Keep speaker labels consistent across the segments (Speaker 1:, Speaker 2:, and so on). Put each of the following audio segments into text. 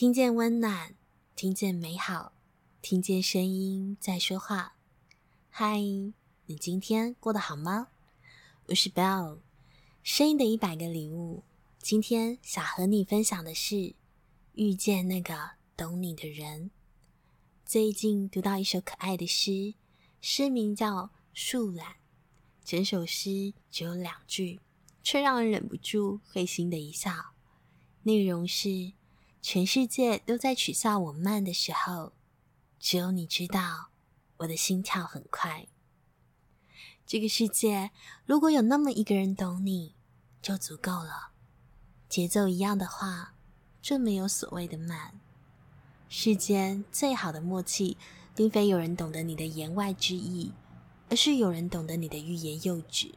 Speaker 1: 聽見溫暖，聽見美好，聽見聲音在說話。嗨，你今天過得好嗎？我是 Belle，聲音的一百個禮物。今天想和你分享的是遇見那個懂你的人。最近讀到一首可愛的詩，詩名叫《樹懶》。整首詩只有兩句，卻讓人忍不住會心的一笑。內容是。全世界都在取笑我慢的時候，只有你知道我的心跳很快。這個世界如果有那麼一個人懂你，就足夠了。節奏一樣的話，就沒有所謂的慢。世間最好的默契，並非有人懂得你的言外之意，而是有人懂得你的欲言又止。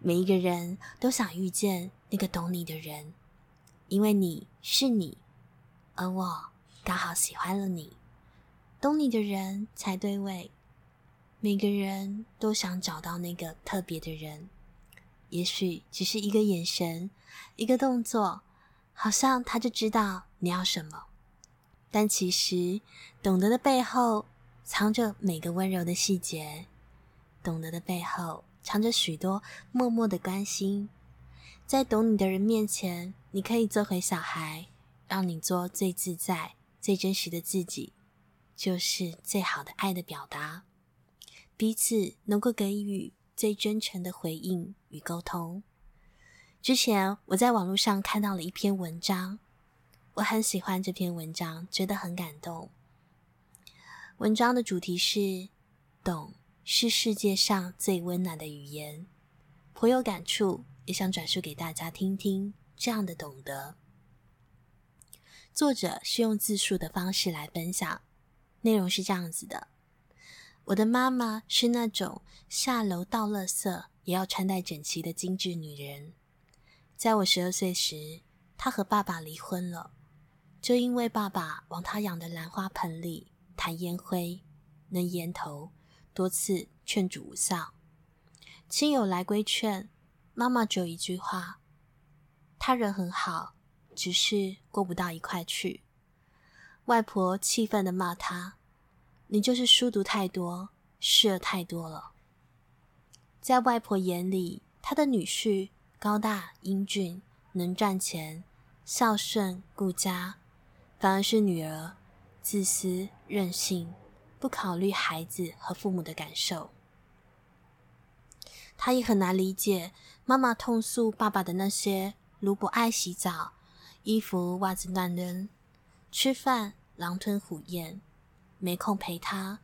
Speaker 1: 每一個人都想遇見那個懂你的人。因為你是你，而我剛好喜歡了你，懂你的人才對味。每個人都想找到那個特別的人，也許只是一個眼神、一個動作，好像他就知道你要什麼。但其實，懂得的背後藏着每個溫柔的細節，懂得的背後藏着許多默默的關心。在懂你的人面前，你可以做回小孩，讓你做最自在、最真實的自己，就是最好的愛的表達。彼此能夠給予最真誠的回應與溝通。之前我在網絡上看到了一篇文章，我很喜歡這篇文章，覺得很感動。文章的主題是“懂”，是世界上最溫暖的語言，頗有感觸。也想轉述給大家聽聽這樣的懂得。作者是用自述的方式來分享，內容是這樣子的：我的媽媽是那種下樓倒垃圾也要穿戴整齊的精緻女人。在我十二歲時，她和爸爸離婚了，就因為爸爸往她養的蘭花盆裡彈煙灰、扔煙頭，多次勸阻無效，親友來規勸。媽媽只有一句話，他人很好，只是過不到一塊去。外婆氣憤地罵他：“你就是書讀太多，事兒太多了。”在外婆眼裡，她的女婿高大、英俊、能賺錢、孝順、顧家，反而是女兒自私、任性，不考慮孩子和父母的感受。他也很難理解媽媽痛訴爸爸的那些，如不愛洗澡、衣服襪子亂扔、吃飯狼吞虎嚥、沒空陪他、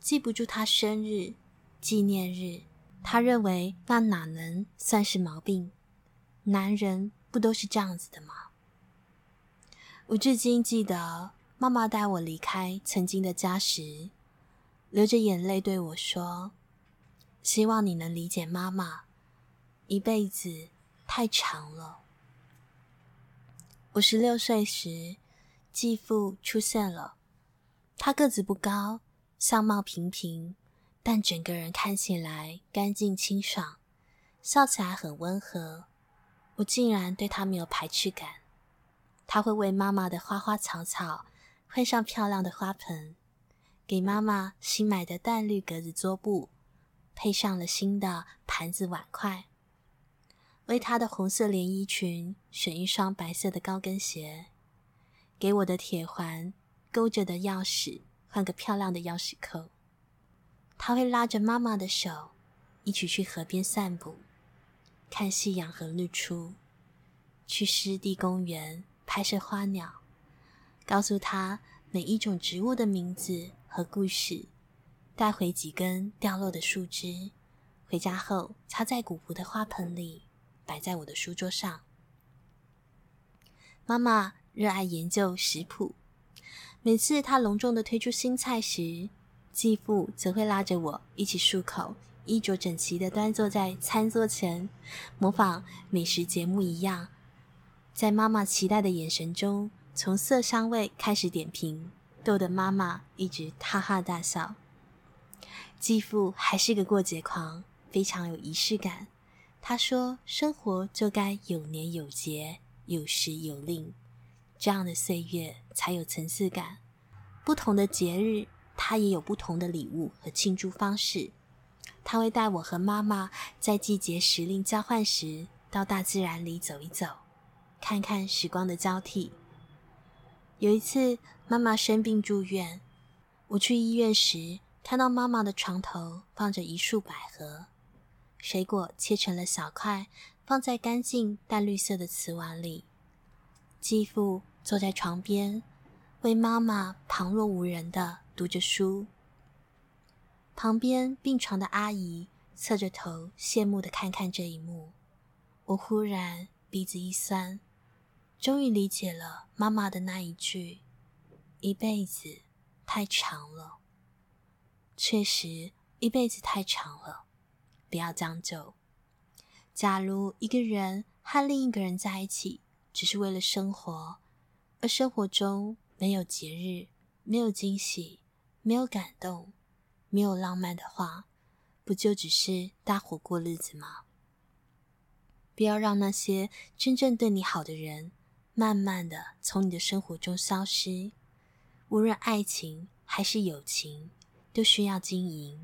Speaker 1: 記不住他生日、紀念日。他認為那哪能算是毛病？男人不都是這樣子的嗎？我至今記得媽媽帶我離開曾經的家時，流着眼淚對我說。希望你能理解媽媽，一輩子太長了。我十六歲時，繼父出現了。他個子不高，相貌平平，但整個人看起來乾淨清爽，笑起來很溫和。我竟然對他沒有排斥感。他會為媽媽的花花草草換上漂亮的花盆，給媽媽新買的淡綠格子桌布。配上了新的盤子、碗筷，為她的紅色連衣裙選一雙白色的高跟鞋，給我的鐵環勾着的鑰匙換個漂亮的鑰匙扣。他會拉着媽媽的手，一起去河邊散步，看夕陽和日出，去濕地公園拍攝花鳥，告訴他每一種植物的名字和故事。帶回幾根掉落的樹枝，回家後插在古樸的花盆裡，擺在我的書桌上。媽媽熱愛研究食譜，每次她隆重的推出新菜時，繼父則會拉着我一起漱口，衣着整齊的端坐在餐桌前，模仿美食節目一樣，在媽媽期待的眼神中，從色、香、味開始點評，逗得媽媽一直哈哈大笑。繼父還是個過節狂，非常有儀式感。他說：“生活就該有年有節，有時有令，這樣的歲月才有層次感。”不同的節日，他也有不同的禮物和慶祝方式。他會帶我和媽媽在季節時令交換時，到大自然裡走一走，看看時光的交替。有一次，媽媽生病住院，我去醫院時，看到媽媽的床頭放着一束百合，水果切成了小塊，放在乾淨淡綠色的瓷碗裡。繼父坐在床邊，為媽媽旁若無人地讀着書。旁邊病床的阿姨側着頭，羨慕地看看這一幕。我忽然鼻子一酸，終於理解了媽媽的那一句：“一輩子太長了。”確實，一輩子太長了，不要將就。假如一個人和另一個人在一起，只是為了生活，而生活中沒有節日、沒有驚喜、沒有感動、沒有浪漫的話，不就只是搭夥過日子嗎？不要讓那些真正對你好的人，慢慢的從你的生活中消失。無論愛情還是友情。都需要經營。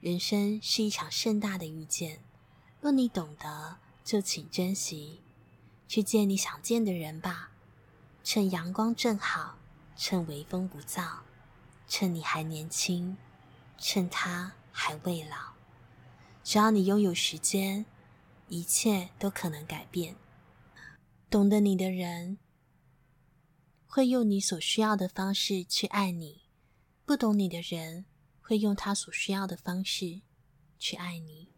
Speaker 1: 人生是一場盛大的遇見，若你懂得，就請珍惜，去見你想見的人吧。趁陽光正好，趁微風不燥，趁你還年輕，趁他還未老。只要你擁有時間，一切都可能改變。懂得你的人，會用你所需要的方式去愛你。不懂你的人會用他所需要的方式去愛你，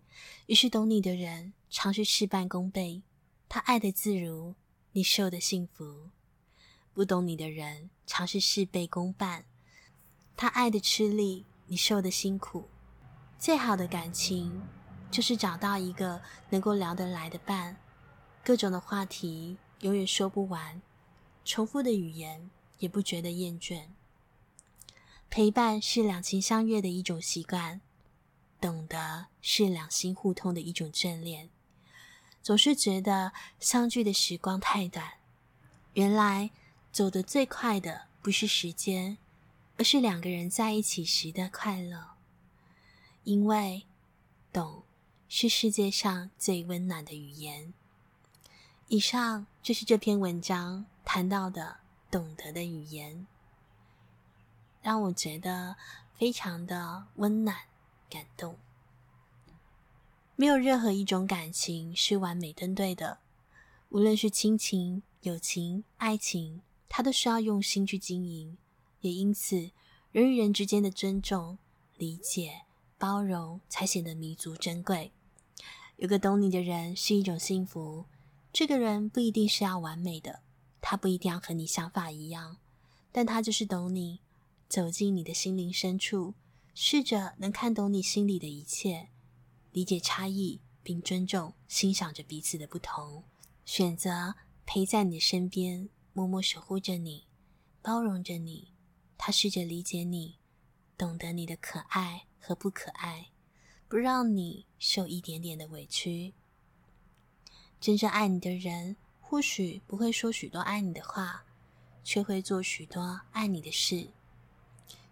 Speaker 1: 於是懂你的人常是事半功倍，他愛的自如，你受的幸福；不懂你的人常是事倍功半，他愛的吃力，你受的辛苦。最好的感情就是找到一個能夠聊得來的伴，各種的話題永遠說不完，重複的語言也不覺得厭倦。陪伴是兩情相悅的一種習慣，懂得是兩心互通的一種眷戀。總是覺得相聚的時光太短，原來走得最快的不是時間，而是兩個人在一起時的快樂。因為懂，是世界上最溫暖的語言。以上就是這篇文章談到的懂得的語言。讓我覺得非常的溫暖、感動。沒有任何一種感情是完美登對的，無論是親情、友情、愛情，它都需要用心去經營。也因此，人與人之間的尊重、理解、包容，才顯得彌足珍貴。有個懂你的人是一種幸福。這個人不一定是要完美的，他不一定要和你想法一樣，但他就是懂你。走進你的心靈深處，試着能看懂你心裡的一切，理解差異並尊重、欣賞着彼此的不同，選擇陪在你的身邊，默默守護着你，包容着你。他試着理解你，懂得你的可愛和不可愛，不讓你受一點點的委屈。真正愛你的人，或許不會說許多愛你的話，卻會做許多愛你的事。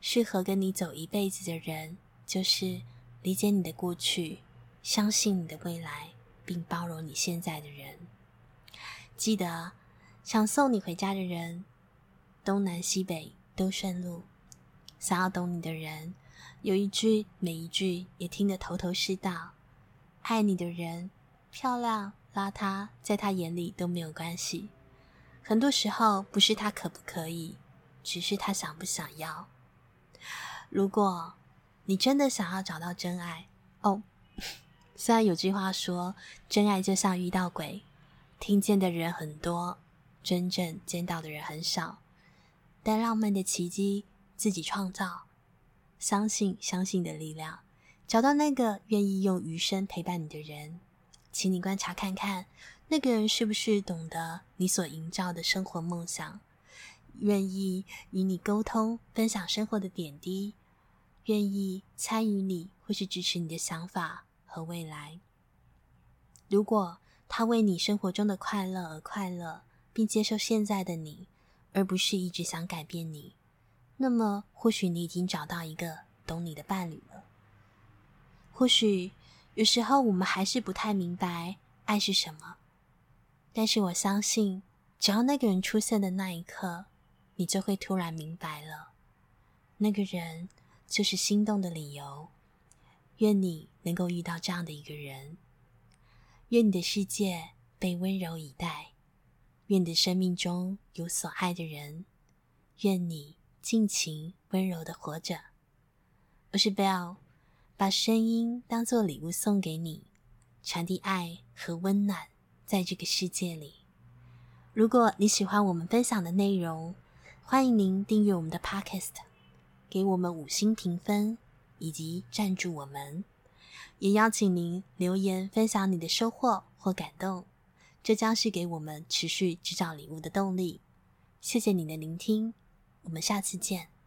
Speaker 1: 適合跟你走一輩子的人，就是理解你的過去，相信你的未來，並包容你現在的人。記得，想送你回家的人，東南西北都順路；想要懂你的人，有一句沒一句也聽得頭頭是道。愛你的人，漂亮邋遢，在他眼裡都沒有關係。很多時候，不是他可不可以，只是他想不想要。如果你真的想要找到真愛，哦，雖然有句話說，真愛就像遇到鬼，聽見的人很多，真正見到的人很少。但浪漫的奇蹟自己創造，相信相信的力量，找到那個願意用餘生陪伴你的人，請你觀察看看，那個人是不是懂得你所營造的生活夢想，願意與你溝通分享生活的點滴。願意參與你，或是支持你的想法和未來。如果他為你生活中的快樂而快樂，並接受現在的你，而不是一直想改變你，那麼或許你已經找到一個懂你的伴侶了。或許有時候我們還是不太明白愛是什麼，但是我相信，只要那個人出現的那一刻，你就會突然明白了。那個人。就是心動的理由。願你能夠遇到這樣的一個人，願你的世界被溫柔以待，願你的生命中有所愛的人，願你盡情溫柔地活着。我是 Belle，把聲音當做禮物送給你，傳遞愛和溫暖在這個世界裡。如果你喜歡我們分享的內容，歡迎您訂閱我們的 Podcast。給我們五星評分，以及贊助我們，也邀請您留言分享你的收穫或感動，這將是給我們持續制造禮物的動力。謝謝你的聆聽，我們下次見。